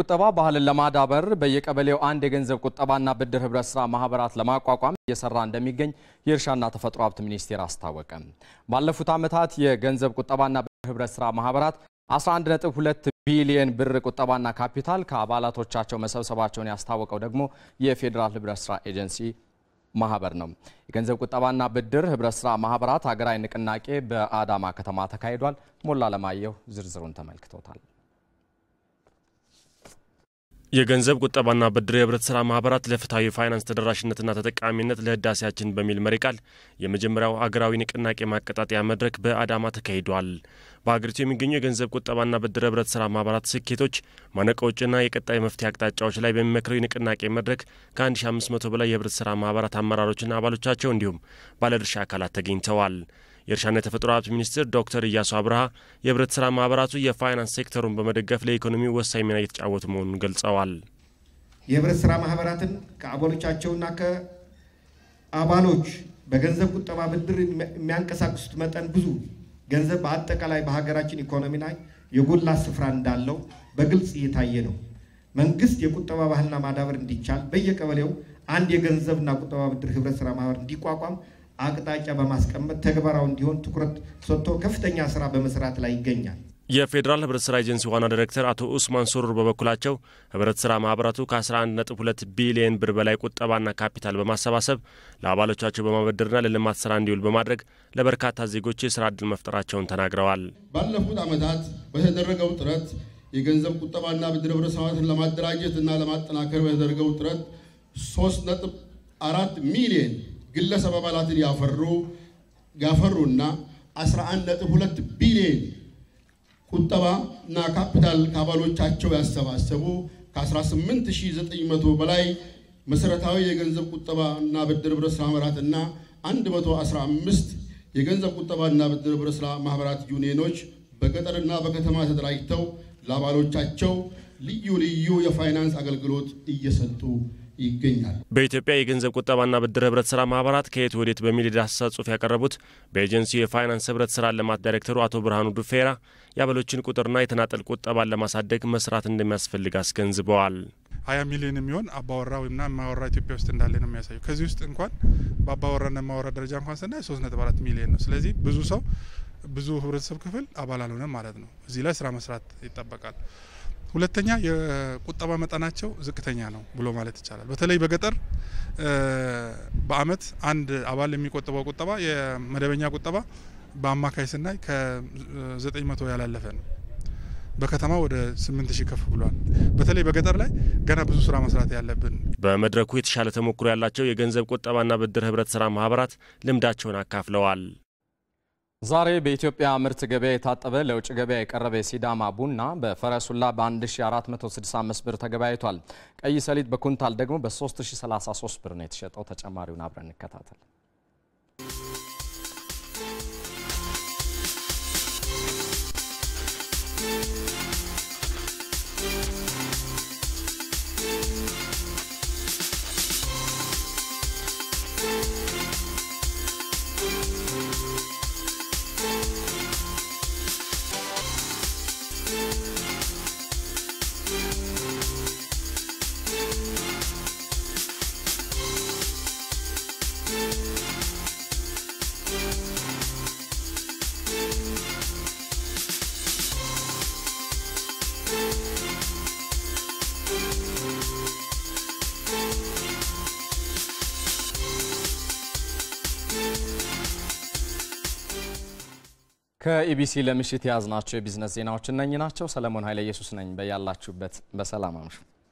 ቁጠባ ባህልን ለማዳበር በየቀበሌው አንድ የገንዘብ ቁጠባና ብድር ህብረት ስራ ማህበራት ለማቋቋም እየሰራ እንደሚገኝ የእርሻና ተፈጥሮ ሀብት ሚኒስቴር አስታወቀ። ባለፉት ዓመታት የገንዘብ ቁጠባና ብድር ህብረት ስራ ማህበራት 11.2 ቢሊየን ብር ቁጠባና ካፒታል ከአባላቶቻቸው መሰብሰባቸውን ያስታወቀው ደግሞ የፌዴራል ህብረት ስራ ኤጀንሲ ማህበር ነው። የገንዘብ ቁጠባና ብድር ህብረት ስራ ማህበራት ሀገራዊ ንቅናቄ በአዳማ ከተማ ተካሂዷል። ሞላ ለማየሁ ዝርዝሩን ተመልክቶታል። የገንዘብ ቁጠባና ብድር የህብረት ስራ ማህበራት ለፍትሐዊ ፋይናንስ ተደራሽነትና ተጠቃሚነት ለህዳሴያችን በሚል መሪ ቃል የመጀመሪያው አገራዊ ንቅናቄ ማቀጣጠያ መድረክ በአዳማ ተካሂዷል። በሀገሪቱ የሚገኙ የገንዘብ ቁጠባና ብድር ህብረት ስራ ማህበራት ስኬቶች፣ ማነቆዎችና የቀጣይ መፍትሄ አቅጣጫዎች ላይ በሚመክረው ንቅናቄ መድረክ ከ1500 በላይ የህብረት ስራ ማህበራት አመራሮችና አባሎቻቸው እንዲሁም ባለድርሻ አካላት ተገኝተዋል። የእርሻና የተፈጥሮ ሀብት ሚኒስትር ዶክተር እያሱ አብርሃ የህብረት ስራ ማህበራቱ የፋይናንስ ሴክተሩን በመደገፍ ለኢኮኖሚ ወሳኝ ሚና እየተጫወቱ መሆኑን ገልጸዋል። የህብረት ስራ ማህበራትን ከአባሎቻቸውና ከአባሎች በገንዘብ ቁጠባ ብድር የሚያንቀሳቅሱት መጠን ብዙ ገንዘብ በአጠቃላይ በሀገራችን ኢኮኖሚ ላይ የጎላ ስፍራ እንዳለው በግልጽ እየታየ ነው። መንግስት የቁጠባ ባህልና ማዳበር እንዲቻል በየቀበሌው አንድ የገንዘብና ቁጠባ ብድር ህብረት ስራ ማህበር እንዲቋቋም አቅጣጫ በማስቀመጥ ተግባራዊ እንዲሆን ትኩረት ሰጥቶ ከፍተኛ ስራ በመስራት ላይ ይገኛል። የፌዴራል ህብረት ስራ ኤጀንሲ ዋና ዳይሬክተር አቶ ኡስማን ሱሩር በበኩላቸው ህብረት ስራ ማህበራቱ ከ11.2 ቢሊየን ብር በላይ ቁጠባና ካፒታል በማሰባሰብ ለአባሎቻቸው በማበደርና ለልማት ስራ እንዲውል በማድረግ ለበርካታ ዜጎች የስራ ዕድል መፍጠራቸውን ተናግረዋል። ባለፉት ዓመታት በተደረገው ጥረት የገንዘብ ቁጠባና ብድር ህብረተሰባትን ለማደራጀት እና ለማጠናከር በተደረገው ጥረት 3.4 ሚሊየን ግለሰብ አባላትን ያፈሩ ያፈሩና 11.2 ቢሊዮን ቁጠባና ካፒታል ከአባሎቻቸው ያሰባሰቡ ከ18900 በላይ መሰረታዊ የገንዘብ ቁጠባና ብድር ህብረት ስራ ማህበራትና 115 የገንዘብ ቁጠባና ብድር ህብረት ስራ ማህበራት ዩኒየኖች በገጠርና በከተማ ተደራጅተው ለአባሎቻቸው ልዩ ልዩ የፋይናንስ አገልግሎት እየሰጡ ይገኛል። በኢትዮጵያ የገንዘብ ቁጠባና ብድር ህብረት ስራ ማህበራት ከየት ወዴት በሚል የዳሰሳ ጽሁፍ ያቀረቡት በኤጀንሲው የፋይናንስ ህብረት ስራ ልማት ዳይሬክተሩ አቶ ብርሃኑ ዱፌራ የአበሎችን ቁጥርና የተናጠል ቁጠባን ለማሳደግ መስራት እንደሚያስፈልግ አስገንዝበዋል። ሀያ ሚሊዮን የሚሆን አባወራ ወይምና የማወራ ኢትዮጵያ ውስጥ እንዳለ ነው የሚያሳየው። ከዚህ ውስጥ እንኳን በአባወራና የማወራ ደረጃ እንኳን ስናይ ሶስት ነጥብ አራት ሚሊዮን ነው። ስለዚህ ብዙ ሰው ብዙ ህብረተሰብ ክፍል አባል አልሆነም ማለት ነው። እዚህ ላይ ስራ መስራት ይጠበቃል። ሁለተኛ የቁጠባ መጠናቸው ዝቅተኛ ነው ብሎ ማለት ይቻላል። በተለይ በገጠር በአመት አንድ አባል የሚቆጥበው ቁጠባ የመደበኛ ቁጠባ በአማካይ ስናይ ከ900 ያላለፈ ነው። በከተማ ወደ 8000 ከፍ ብሏል። በተለይ በገጠር ላይ ገና ብዙ ስራ መስራት ያለብን። በመድረኩ የተሻለ ተሞክሮ ያላቸው የገንዘብ ቁጠባና ብድር ህብረት ስራ ማህበራት ልምዳቸውን አካፍለዋል። ዛሬ በኢትዮጵያ ምርት ገበያ የታጠበ ለውጭ ገበያ የቀረበ የሲዳማ ቡና በፈረሱላ በ1465 ብር ተገበያይቷል። ቀይ ሰሊጥ በኩንታል ደግሞ በ3033 ብር ነው የተሸጠው። ተጨማሪውን አብረን እንከታተል። ከኢቢሲ ለምሽት የያዝናቸው የቢዝነስ ዜናዎች እነኚህ ናቸው። ሰለሞን ኃይለ ኢየሱስ ነኝ። በያላችሁበት በሰላም አምሹ።